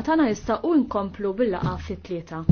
Għatana nista' u nkomplu bil-laqa fit-tlieta.